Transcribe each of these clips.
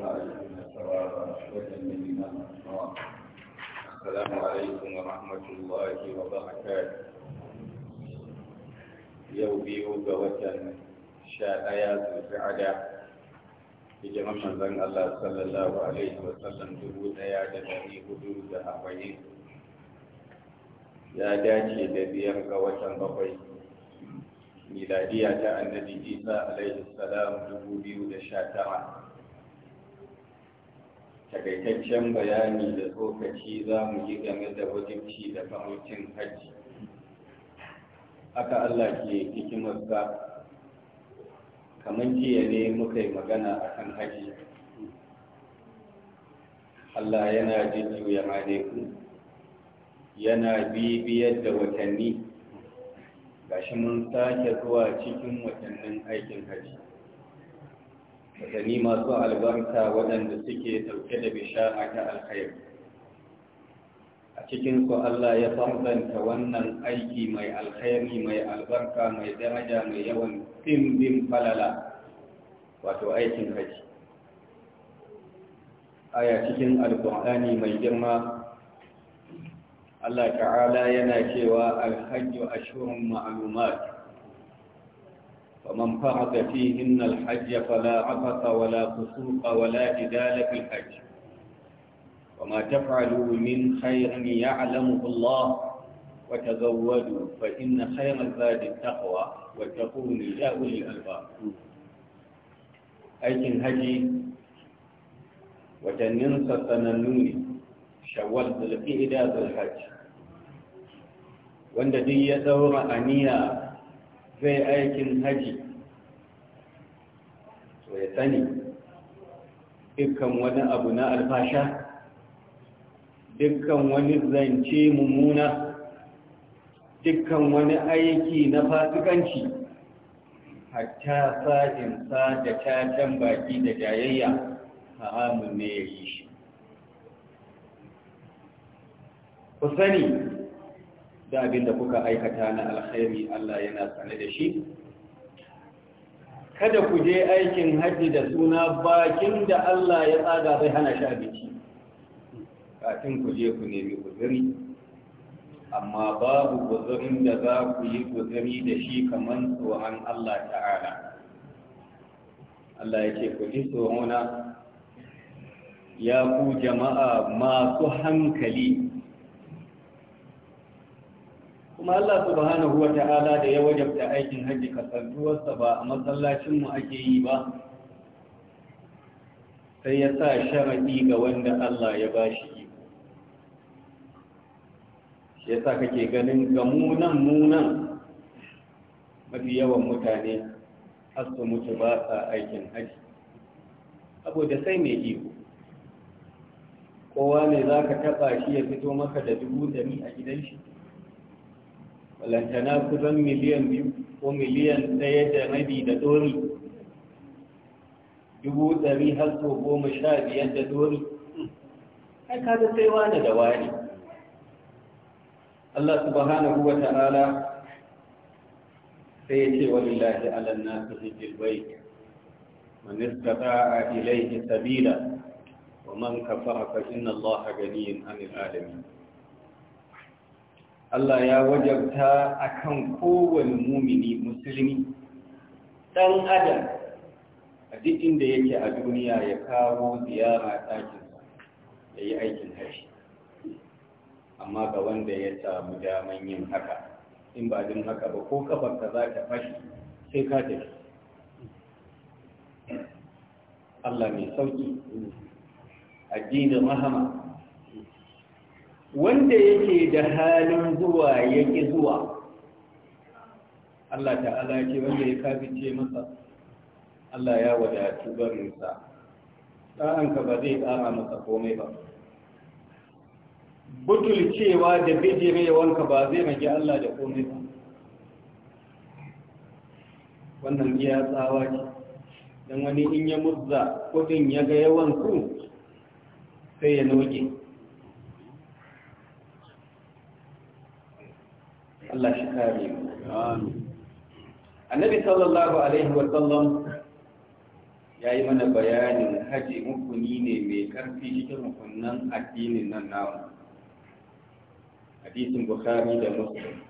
السلام عليكم ورحمة الله وبركاته yau biyu ga watan sha ɗaya zulfi'ada hijiran manzon Allah sallallahu alaihi wa sallam dubu ɗaya da ɗari hudu da arba'in ya dace da biyar ga watan bakwai miladiya ta annabi isa alaihi salam dubu biyu da sha tara takaitaccen bayani da tsokaci za mu yi game da wajibci da kamacin hajji aka Allah ke hikimarsa kamar jiya ne muka yi magana a kan hajji Allah yana jujjuya maleku yana bibiyar da watanni shi mun sake zuwa cikin watannin aikin hajji gani masu albarka waɗanda suke ɗauke da bishara ta alkhairu. a cikinku Allah ya farzanta wannan aiki mai alkhairi mai albarka mai daraja mai yawan ɗimbin falala wato aikin haji aya cikin alƙur'ani mai girma Allah ta'ala yana cewa alhajju ashurun ma'lumat فمن فرض فيهن الحج فلا عفث ولا فسوق ولا جدال في الحج وما تفعلوا من خير يعلمه الله وتزودوا فإن خير الزاد التقوى وتكون يا أولي الألباب aikin haji watanninsa sanannu ne shawwal zulqa'ida zulhajj wanda duk ya daura aniya zai aikin haji to ya sani dukkan wani abu na alfasha dukkan wani zance mummuna dukkan wani aiki na fasikanci hatta sa da cacan baki da jayayya haramun ne ya yi shi ku sani da abin da kuka aikata na alkhairi Allah yana sane da shi kada ku je aikin hajji da suna bakin da Allah ya tsaga zai hana shi abinci kafin ku je ku nemi guzuri amma babu guzurin da za ku yi guzuri da shi kamar tsohon Allah ta'ala Allah ya ce ku ji tsorona ya ku jama'a masu hankali kuma Allah subhanahu wa ta'ala da ya wajabta aikin hajji kasantuwarsa ba a mu ake yi ba sai ya sa sharaɗi ga wanda Allah ya ba shi iko ya sa kake ganin ga munan munan mafi yawan mutane har mutu ba sa aikin hajji saboda sai mai iko kowa ne za ka taɓa shi ya fito maka da dubu ɗari a gidan shi walantana kusan miliyan biyu ko miliyan ɗaya da rabi da dori dubu ɗari har so goma sha biyar da dori ai da sai wani da wani Allah subhanahu wa ta'ala sai ya ce lillahi ala nasu hijjil bait man a ilayhi sabila wa man kafa a inna Allah ganiyun amin alamin Allah ya wajabta a kan kowane mumini musulmi ɗan adam a duk inda yake a duniya ya kawo ziyara ɗakinsa ya yi aikin hashi amma ga wanda ya samu daman yin haka in ba jin haka ba ko kafarka za ta fashi sai ka tafi Allah mai sauƙi. sauki addinin rahama wanda yake da halin zuwa yake zuwa Allah ta'ala ce wanda ya kafice masa Allah ya wadatu barinsa ɗanka ba zai ƙara masa komai ba butulcewa da bijirewanka ba zai mage Allah da komai ba wannan iya tsawa ce don wani in ya muzza kudin ya ga yawan ku sai ya noge Allah shi kare mu annabi sallallahu alaihi wa sallam ya yi mana bayanin haji mukuni ne mai karfi cikin mukunnan addinin nan nawa. hadisin bukhari da muslim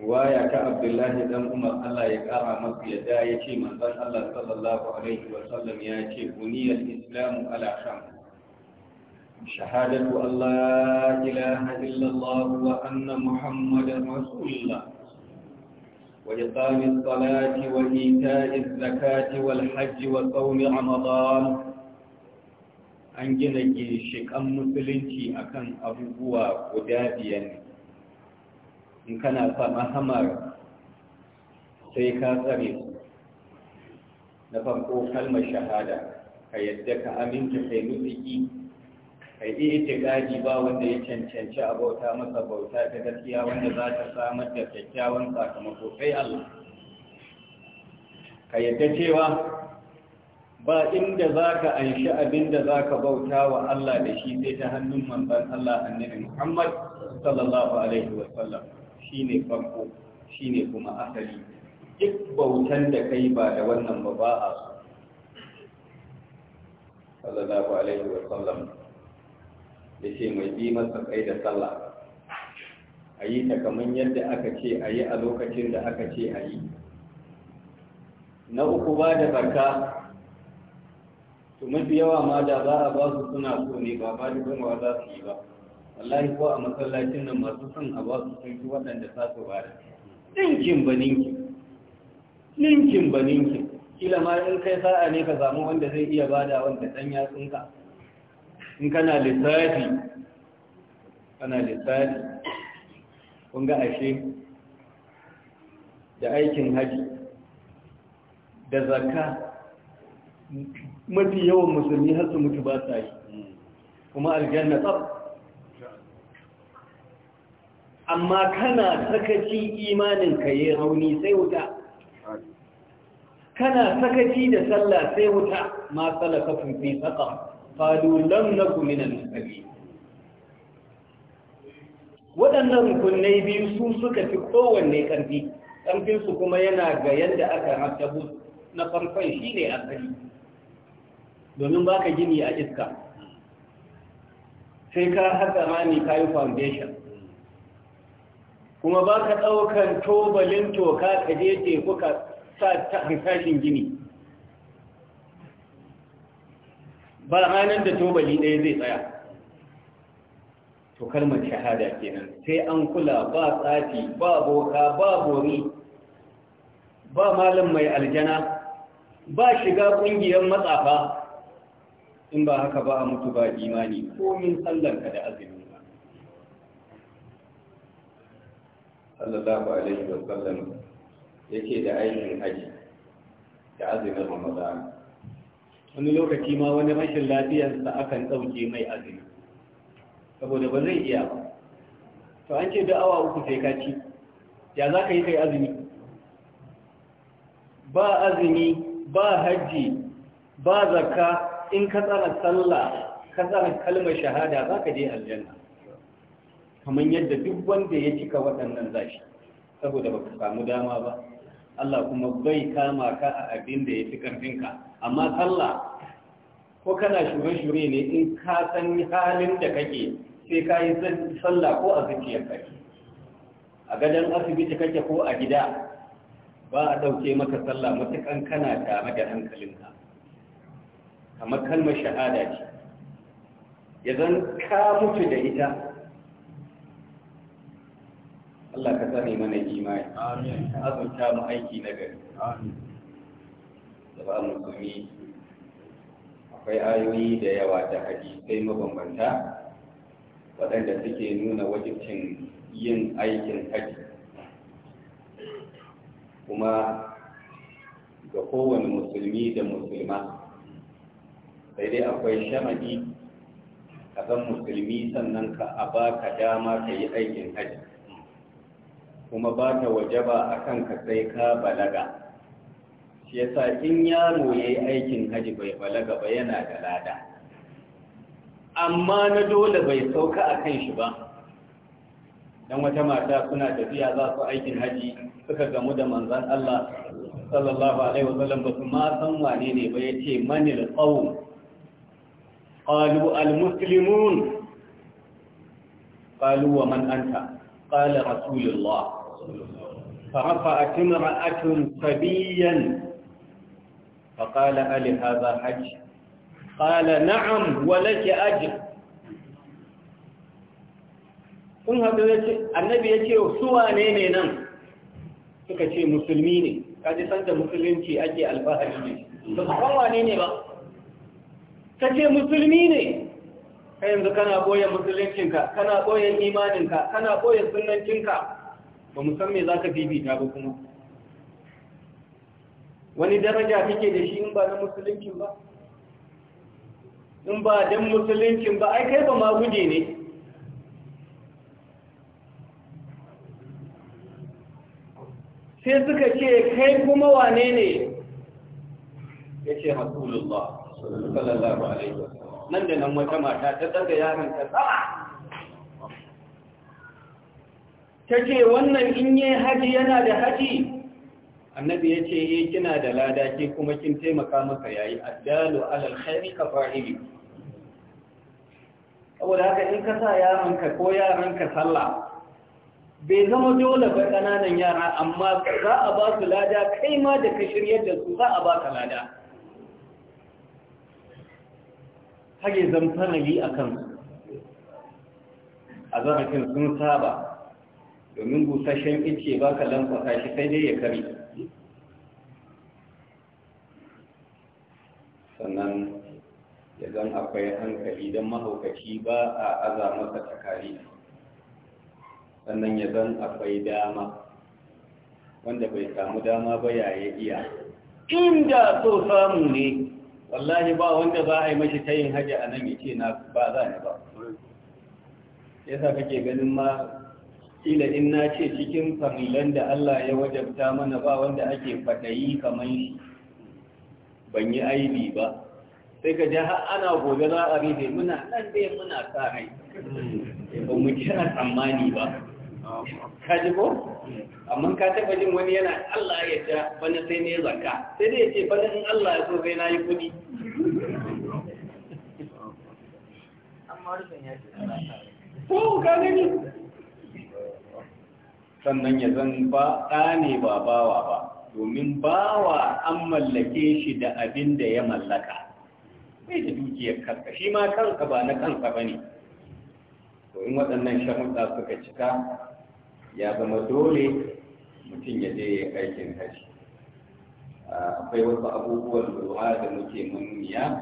waya ta abdullahi dan umar Allah ya kara masa yadda ya ce manzon Allah sallallahu alaihi wa sallam ya ce buniyal islamu ala shams شهادة أن لا إله إلا الله وأن محمدا رسول الله وإقام الصلاة وإيتاء الزكاة والحج وصوم رمضان an gina ginshiƙan musulunci akan abubuwa guda biyar in kana sama hamar sai ka tsare na farko kalmar shahada ka yadda ka aminta kai musiki kai itikadi ba wanda ya cancanci a bauta masa bauta ta gaskiya wanda za ta samar da kyakkyawan sakamako sai Allah ka yadda cewa ba inda za ka anshi abin da za ka bauta wa Allah da shi sai ta hannun manzan Allah annabi Muhammad sallallahu alaihi wasallam shi ne farko shi ne kuma asali duk bautan da kai ba da wannan ba ba a sallallahu alaihi wasallam ya ce mai bi masa kai da sallah a yi ta kamar yadda aka ce a yi a lokacin da aka ce a yi na uku ba da barka su mafi yawa ma da za a ba su suna so ne ba ba da goma za su yi ba wallahi ko a masallacin nan masu son a ba su sun fi waɗanda za su ba da ninkin ba ninkin ninkin ba ninkin kila ma in kai sa'a ne ka samu wanda zai iya bada wanda ɗan yatsunka in kana lissafi kana lissafi kun ga ashe da aikin haji da zakka mafi yawan musulmi har su mutu ba sa yi kuma aljanna tsab amma kana sakaci imanin ka yi rauni sai wuta kana sakaci da sallah sai wuta ma salaka fi saqa قالوا لم نكن من المسلمين waɗannan rukunai biyu su suka fi kowanne ƙarfi ƙarfinsu kuma yana ga yadda aka hasabu na farkon shi ne asali domin ba ka gini a iska sai ka haka rami ka yi foundation kuma ba ka ɗaukan tobalin toka ka je teku ka sa ta gini ba ranar da tobali ɗaya zai tsaya to kalmar shahada kenan sai an kula ba tsafi ba boka ba bori ba malam mai aljana ba shiga ƙungiyar matsafa in ba haka ba a mutu ba imani komin sallanka da azumi ba sallallahu alaihi wasallam yake da aikin haji da azumin ramadan wani lokaci ma wani rashin lafiyarsa akan ɗauke mai azumi saboda ba zai iya ba to an ce da awa uku sai ka ci ya za ka yi kai azumi ba azumi ba hajji ba zakka in ka tsara sallah ka tsara kalmar shahada za ka je aljanna kamar yadda duk wanda ya cika waɗannan zashi saboda ba ka samu dama ba Allah kuma bai kama ka a abin da ya fi ƙarfinka amma Allah ko kana shure-shure ne in ka san halin da kake sai ka yi sallah ko a zuciyar kake a gadon asibiti kake ko a gida ba a ɗauke maka sallah matukan kana tare da hankalinka kamar kalmar shahada ce ya zan ka mutu da ita Allah ka sani mana imani amin Ka azurta mu aiki na gari amin da musulmi akwai ayoyi da yawa da hadisai mabambanta waɗanda suke nuna wajibcin yin aikin haji kuma ga kowane musulmi da musulma sai dai akwai shamadi a musulmi sannan ka a ka dama ka yi aikin haji kuma ba ta ba a kan ka sai ka balaga shi yasa in yaro ya yi aikin haji bai balaga ba yana da lada amma na dole bai sauka a kan shi ba don wata mata suna tafiya za su aikin haji suka gamu da manzan Allah sallallahu alaihi wasallam ba su ma san wane ne ba ce manil tsawo qalu al muslimun qalu wa man anta rasulullah فرفعت امرأة صبيا فقال ألي هذا حج قال نعم ولك أجر kun haɗu ya ce annabi ya ce su wane ne nan suka ce musulmi ne kaji san da musulunci ake alfahari ne ba su kwanwa ne ne ba ka ce musulmi ne ka yanzu kana ɓoye musuluncinka kana ɓoye imaninka kana ɓoye sunancinka ba mu san me za ka fifita ba kuma wani daraja kake da shi in ba na musulunci ba in ba dan musulunci ba ai kai ba ma guje ne sai suka ce kai kuma wane ne ya ce hasulullah sallallahu alaihi wasallam nan da nan wata mata ta daga yaron ta sama ta ce wannan in yi haji yana da haji annabi ya ce yi eh, kina da lada ke kuma kin taimaka maka yayi addalu alal khairi ka fa'ili saboda haka in ka sa yaranka ko yaranka sallah bai zama dole ba kananan yara amma za a ba su lada kai ma da ka shirya da su za a ba ka lada hage yi a kansu a zarafin sun saba domin busasshen ice ba ka lankwasa shi sai dai ya kari sannan ya zan akwai hankali don mahaukaci ba a aza masa takari sannan ya zan akwai dama wanda bai samu dama ba yaya iya inda so samu ne wallahi ba wanda za a yi mashi ta yin hajji a nan ya ce na ba za ni ba yasa kake ganin ma kila in na ce cikin farilan da Allah ya wajabta mana ba wanda ake faɗayi kamar shi ban yi aibi ba sai ka ji har ana gobe za a rufe muna nan dai muna sa rai eh, ba mu ji kira tsammani ba ka ji ko amma ka taba jin wani yana Allah ya ja bana sai ne zakka sai dai ya ce bana in Allah ya so sai na yi kuɗi ko ka gani sannan ya zan ba ɗane ba bawa ba domin bawa an mallake shi da abin da ya mallaka mai da dukiyar kanka shi ma kanka ba na kanka ba ne to in waɗannan sharuɗa suka cika ya zama dole mutum ya je aikin hajji akwai wasu abubuwan lura da muke manuniya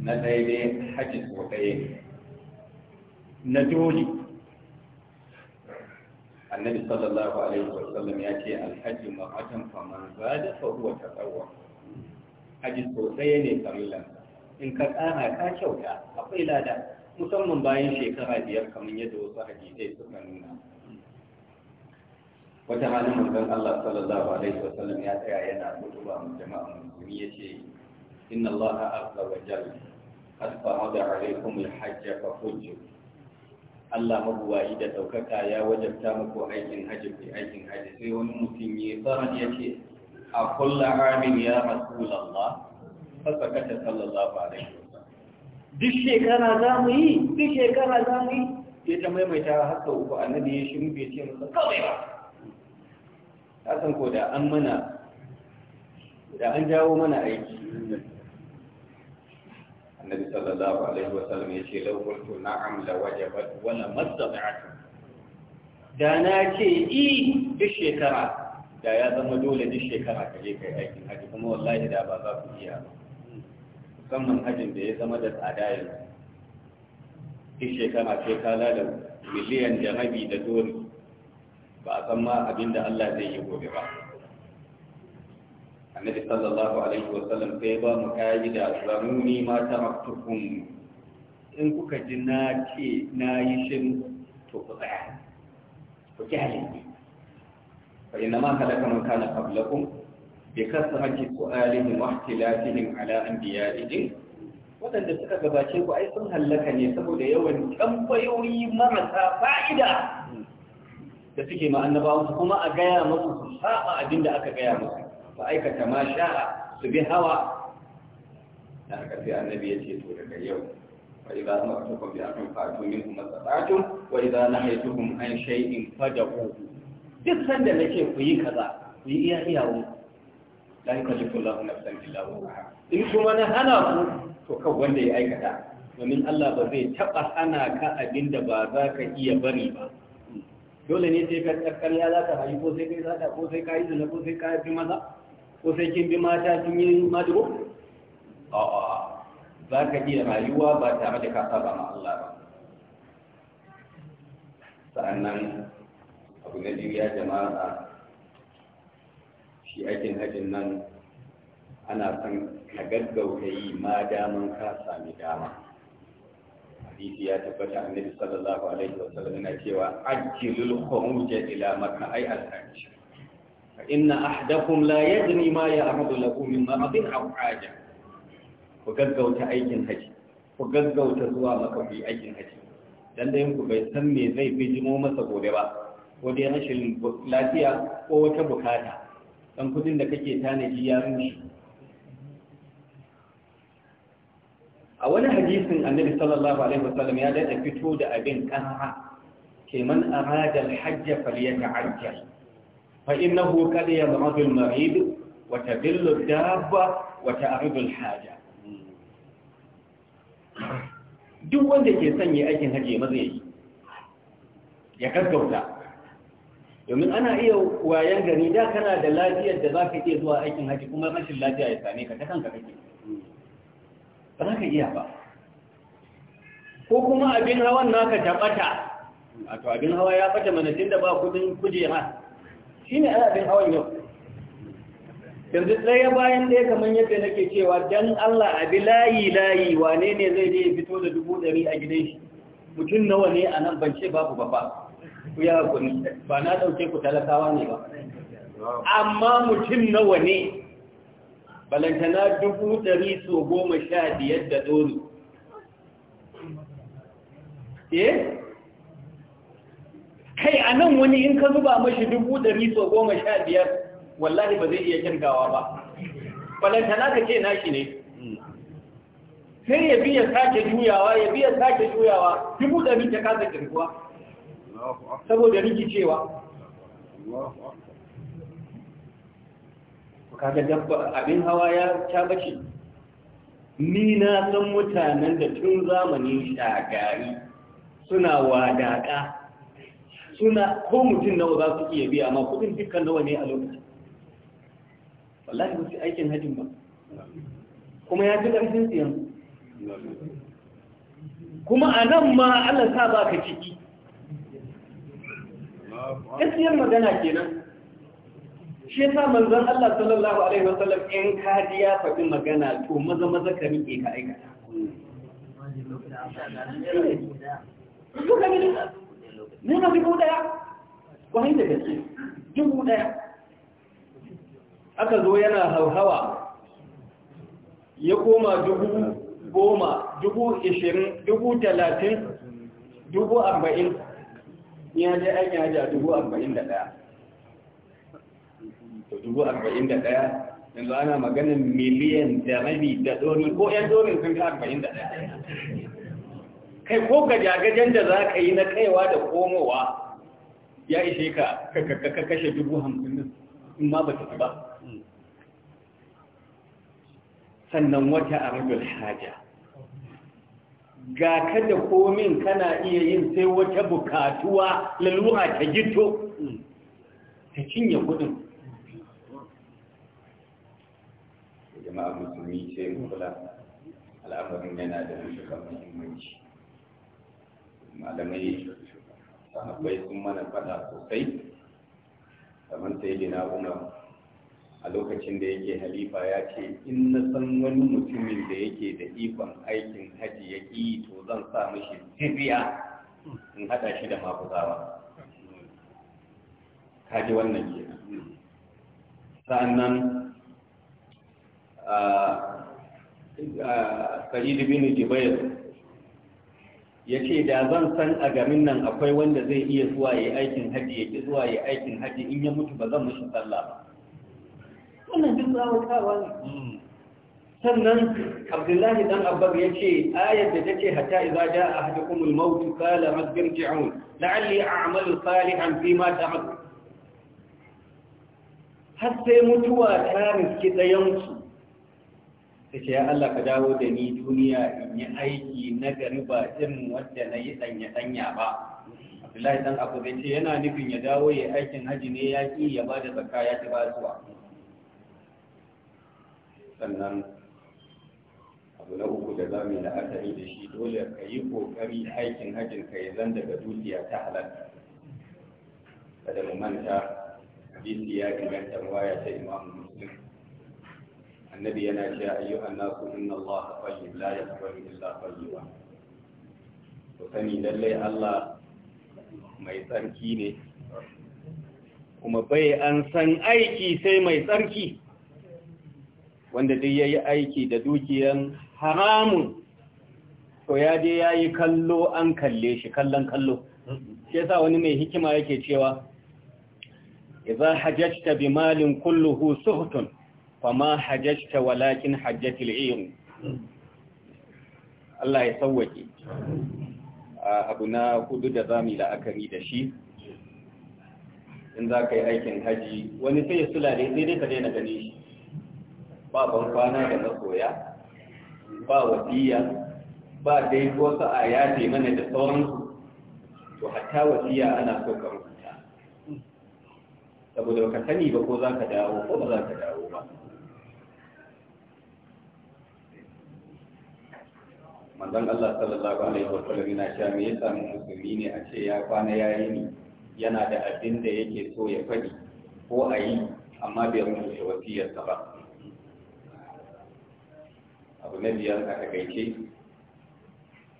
na daidai hajji so na dole annabi sallallahu alaihi wasallam ya ce alhaji ma'atan faman zada fa huwa tatawwa haji so ɗaya ne farilla in ka ƙara ka kyauta akwai lada musamman bayan shekara biyar kamar yadda wasu hadisai suka nuna wata halin manzon Allah sallallahu alaihi wasallam ya tsaya yana kutuba mu jama'a musulmi yace inna Allah azza wa jalla qad farada alaikum al fa hujju Allah mabuwayi da ɗaukaka ya wajabta muku aikin hajji kai aikin hajji sai wani mutum ya fara ya ce a kulla amin ya rasulallah fasakata sallallahu alaihi duk shekara za mu yi duk shekara za mu yi ya ta maimaita haka uku annabi ya shiru bai ce masa kawai ba ta san ko da an mana da an jawo mana aiki النبي صلى الله عليه وسلم يقول لو قلت نعم لوجبت ولا ما استطعت da na ce i duk shekara da ya zama dole duk shekara ka je kai aikin haji kuma wallahi da ba za ku iya ba musamman hajin da ya zama da tsada yanzu duk shekara sai ka da miliyan da da dori ba a san ma abin da Allah zai yi gobe ba annabi sallallahu alaihi wa sallam sai ba mu kaida zaruni ma taraktukum in kuka ji na ce na yi shin to ku tsaya ku kyale ni fa inna ma halaka man kana qablakum bi kasrati su'alihim wa ihtilafihim ala anbiya'ihim wadanda suka gabace ku ai sun halaka ne saboda yawan tambayoyi marasa fa'ida da suke ma annabawa kuma a gaya musu su saba abinda aka gaya musu fa aikata ma sha'a su bi hawa Na haka sai annabi ya ce to daga yau fa idza amartukum bi amrin fa'tu minhu za na idza nahaytukum an in shay'in fadahu duk sanda nake ku yi kaza ku yi iya iyawo la yukallifu Allahu nafsan illa wus'aha in kuma na hana ku to kan wanda ya aikata domin Allah ba zai taba hana ka abin da ba za ka iya bari ba dole ne sai ka karkar ya za ka rayu ko sai kai zata ko sai ka yi zina ko sai ka yi maza ko sai kin bi mata kin yi a a'a za ka iya rayuwa ba tare da ka saba ma Allah ba sa'annan abu na biyu ya jama'a shi aikin hajjin nan ana son ka gaggauta yi ma daman ka sami dama hadisi ya tabbata annabi sallallahu alaihi wasallam yana cewa ajilul khuruj ila makka ay al-hajj إن أحدكم لا يدري ما يعرض له من مرض أو حاجة وقدقوا تأيجن هجي Ku gaggauta zuwa في أيجن هجي dan da yanku bai san me zai bijimo masa gobe ba ko dai rashin lafiya ko wata bukata dan kudin da kake tanaji ya rushe a wani hadisin annabi sallallahu alaihi wasallam ya daɗa fito da abin kanha ke man arada alhajj falyata'ajjal فإنه قد يضغط المريض وتدل الدابة وتعرض الحاجة duk wanda ke sanya aikin haji maza yi ya gaggauta domin ana iya wayan gani da kana da lafiyar da za ka iya zuwa aikin haji kuma rashin lafiya ya same ka ta kanka kake ba za ka iya ba ko kuma abin hawan naka ta bata to abin hawa ya bata mana tun da ba kudin kujera shi ne ana bin hawan yau yanzu ɗaya bayan ɗaya kamar yadda nake cewa don Allah abi layi layi wane ne zai je fito da dubu ɗari a gidan shi mutum nawa ne a nan ban ce babu ba ba ku ya hakuri ba na ɗauke ku talakawa ne ba amma mutum nawa ne balantana dubu ɗari so goma sha biyar da ɗori eh kai a nan wani in ka zuba mashi dubu ɗari so goma sha biyar wallahi ba zai iya kirgawa ba balantana ka ce nashi ne sai ya biya sake juyawa ya biya sake juyawa dubu ɗari ta kasa kirguwa saboda rikicewa kaga dabba abin hawa ya ta ni na san mutanen da tun zamanin shagari suna wadaƙa suna ko mutum nawa za su iya biya ma kudin dukkan nawa ne a lokacin wallahi ba su aikin hajjin ba kuma ya fi ƙarfin siyan kuma a nan ma Allah sa ba ka ciki siyan magana kenan shi ya sa manzan Allah sallallahu alaihi wasallam in kaji ya faɗi magana to maza maza ka rike ka aikata nuna dubu daya kwanin da gaske dubu daya aka zo yana hauhawa ya koma dubu goma dubu ishirin dubu talatin dubu arba'in ya je an yaja dubu arba'in da daya to dubu arba'in da daya yanzu ana maganin miliyan da rabi da domin ko 'yan ɗorin sun ga arba'in da daya kai ko gajagajen da za ka yi na kaiwa da komowa ya ishe ka kakakaka kashe dubu hamsin in ma ba ta ba sannan wata a rajul haja ga ka da komin kana iya yin sai wata bukatuwa laluwa ta gito ta cinye kudin jama'a musulmi sai kula al'amarin yana da yin muhimmanci malamai sahabbai sun mana fada sosai kamar sai gina umar a lokacin da yake halifa ya ce in na san wani mutumin da yake da ikon aikin haji ya ƙi to zan sa mashi jibiya in haɗa shi da mafuzawa kaji wannan ke sa'annan sa'id bin jubair ya ce da zan san a garin nan akwai wanda zai iya zuwa ya aikin hajji ya ki zuwa ya aikin hajji in ya mutu ba zan mashi sallah ba wannan duk zawatawa ne hmm. sannan abdullahi dan abbar ya ce ayar da take hatta idza jaa ahadukumul maut qala rabbi irji'un la'alli a'malu salihan fi ma ta'mal har sai mutuwa ta riski dayan ta ya Allah ka dawo da ni duniya in yi aiki na gari ba irin wanda na yi danya danya ba abdullahi dan abu bai ce yana nufin ya dawo ya aikin haji ne ya ƙi ya ba da zakka ya ci basuwa sannan abu na uku da za mu yi la'akari da shi dole ka yi ƙoƙari aikin hajin ka ya zan daga dukiya ta halatta kada mu manta hadisi ya inganta waya ta imamu annabi yana cewa ayyuhan nasu inna allaha tayyib la yaqbalu illa tayyiba ku sani lallai Allah mai tsarki ne kuma bai an san aiki sai mai tsarki wanda duk yayi aiki da dukiyan haramun to ya je yayi kallo an kalle shi kallon kallo shi yasa wani mai hikima yake cewa idza hajjata bi malin kulluhu suhtun fama hajjajta walakin hajjatil iyon Allah ya sauwake abu na hudu da za mu yi la'akari da shi in za ka yi aikin haji wani sai ya sula ne sai dai ka daina gani shi ba ban kwana da masoya ba wasiya ba dai ko sa'a ya ce mana da sauransu to hatta wasiya ana so ka rubuta saboda ka sani ba ko za ka dawo ko ba za ka dawo ba manzon Allah sallallahu alaihi wa sallam yana cewa me yasa musulmi ne a ce ya kwana yayi ni yana da abin da yake so ya faɗi ko a yi amma bai wasiyar wasiyarsa ba abu na biyar a takaice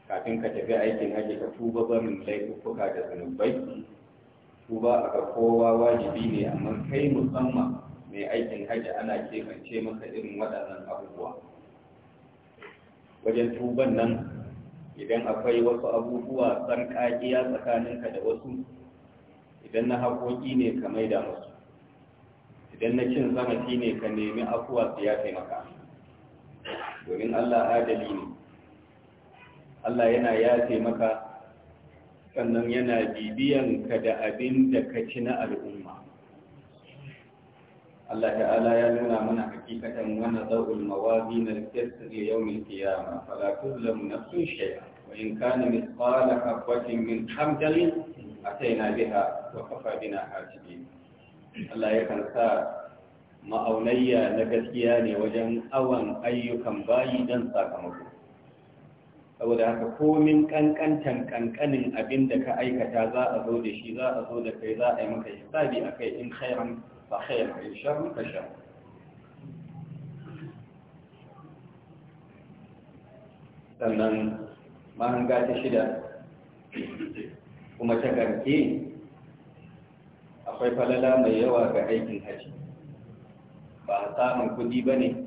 kafin ka tafi aikin hajji ka tuba barin laifuka da zunubai tuba ga kowa wajibi ne amma kai musamman mai aikin hajji ana kebance maka irin waɗannan abubuwa wajen tuban nan idan akwai wasu abubuwa tsarkakiya tsakaninka da wasu idan na haƙoƙi ne ka maida musu idan na cin zamaci ne ka nemi afuwa su ya taimaka domin allah adali ne allah yana ya taimaka sannan yana bibiyanka da abin da ka ci na al'umma Allah ta'ala ya nuna mana hakikatan wani zaul mawazi na lissir yawmin kiyama fala tuzlamu nafsun shay'a wa in kana mithqala habatin min hamdalin ataina biha wa kafa bina hasibin Allah ya kan sa ma'aunayya na gaskiya ne wajen awon ayyukan bayi dan sakamako saboda haka komin ƙanƙantan kankanin abin da ka aikata za a zo da shi za a zo da kai za a yi maka hisabi a kai in khairan فخير من شر فشر sannan mahanga ta shida kuma ta karke akwai falala mai yawa ga aikin hajji ba a samun kudi ba ne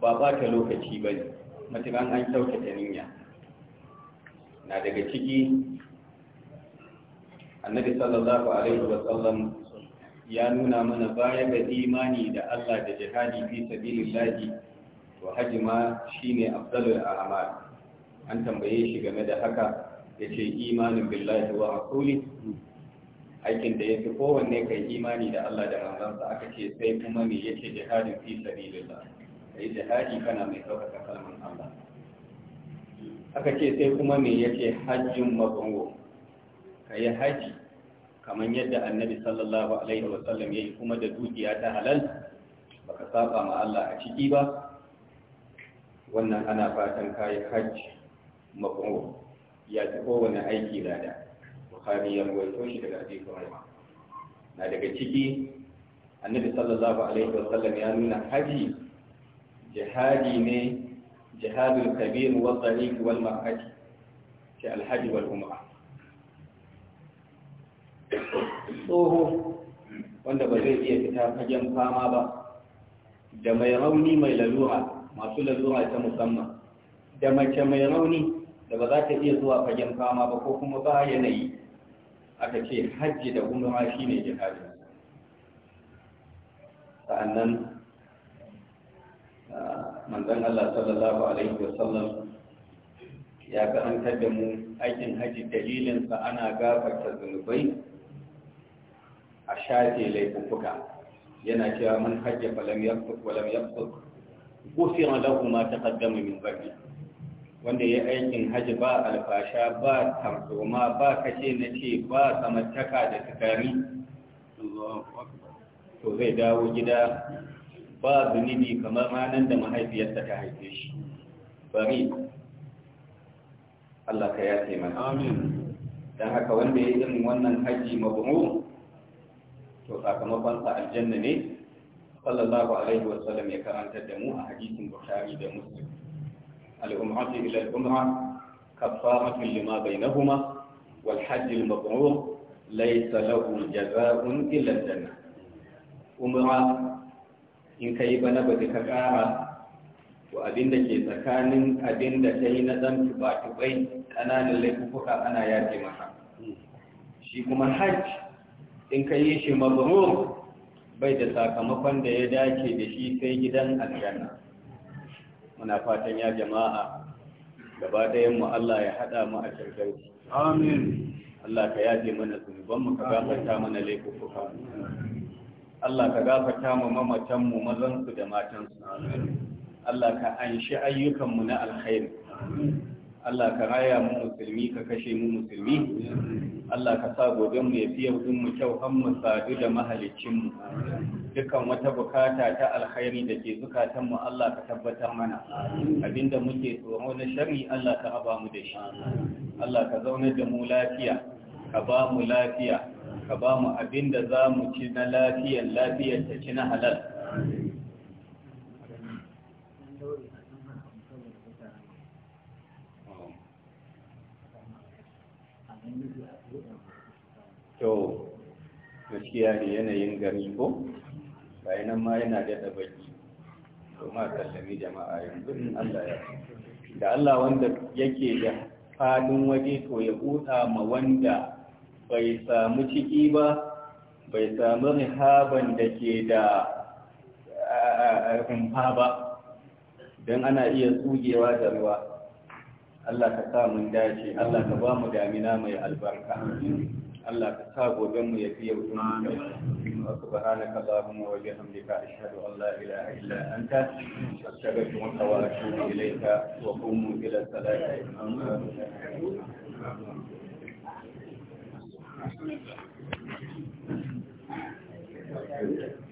ba ba ta lokaci ba ne matukan an kyautata niyya na daga ciki annabi sallallahu alaihi wasallam ya nuna mana baya da imani da Allah da jihadi fi sabilillahi to haji ma shine afdalul a'mal an tambaye shi game da haka yace imanin billahi wa rasuli aikin da yake kowanne kai imani da Allah da manzansa aka ce sai kuma me yake jihadin fi sabilillah kai jihadi kana mai ɗaukaka kalmar Allah aka ce sai kuma me yake hajjin mabango kai haji kamar yadda annabi sallallahu alaihi wasallam ya yi kuma da dukiya ta halal baka saba ma Allah a ciki ba wannan ana fatan kayi hajj mabrur ya ci kowane aiki lada bukhari ya rawaito shi daga abi hurairah na daga ciki annabi sallallahu alaihi wasallam ya nuna haji jihadi ne jihadul kabir wa tariq wal ma'aji ke alhaji wal umrah tsoho wanda ba zai iya fita fagen fama ba da mai rauni mai lalura masu lalura ta musamman da mace mai rauni da ba za ta iya zuwa fagen fama ba ko kuma ba yanayi aka ce hajji da umra shi ne jihadi sa'annan ah, manzan Allah sallallahu alaihi wasallam ya karantar da mu aikin hajji dalilinsa ana gafarta zunubai a shafe laifuka yana cewa man hajja falam yafsuk walam yafsuk gufira lahu ma taqaddama min dhanbi wanda ya aikin hajji ba alfasha ba tamtoma ba kace na ce ba samantaka da tukari to zai dawo gida ba zunubi kamar ranar da mahaifiyarsa ta haife shi bari Allah ka yace mana amin dan haka wanda ya yi wannan hajji mabrur to sakamakon sa aljanna ne sallallahu alaihi wa sallam ya karantar da mu a hadisin bukhari da muslim al Umrah ila al-umra kaffaratu lima bainahuma wal hajj al-mabrur laysa lahu jazaa'un illa al-janna Umrah, in kai bana ba ka kara to abinda ke tsakanin abinda da ta yi na ɗan tubatubai tubai ƙananan laifuka ana yaje masa shi kuma hajj in ka yi shi mabrur bai da sakamakon da ya dace da shi sai gidan aljanna muna fatan ya jama'a gaba ɗayan mu Allah ya haɗa mu a firdausi amin Allah ka yaje mana zunuban mu ka gafarta mana laifuka Allah ka gafarta mu mamatan mu mazan su da matan su Allah ka anshi ayyukan mu na alkhairi Allah ka raya mu musulmi ka kashe mu musulmi Allah ka sa goben mu yafi yau mu kyau har mu sadu da mahalicin mu dukan wata bukata ta alkhairi da ke zukatan mu Allah ka tabbatar mana abinda muke tsoro na shari Allah ka raba mu da shi Allah ka zauna da mu lafiya ka ba mu lafiya ka ba mu abinda za mu ci na lafiyan lafiyan ta ci na halal to gaskiya ne yanayin gari ko bayan nan ma yana daɗa baki to ma jama'a yanzu in Allah ya da Allah wanda yake da fadin waje to ya buɗa ma wanda bai samu ciki ba bai samu rihaban da ke da rumfa ba don ana iya tsugewa da ruwa Allah ka sa mun dace Allah ka ba mu damina mai albarka Allah ka sa goben mu ya fi yau tun kyau subhanaka allahumma wa bihamdika ashhadu an la ilaha illa anta astaghfiruka wa atubu ilayka wa qumu ila salati Thank you.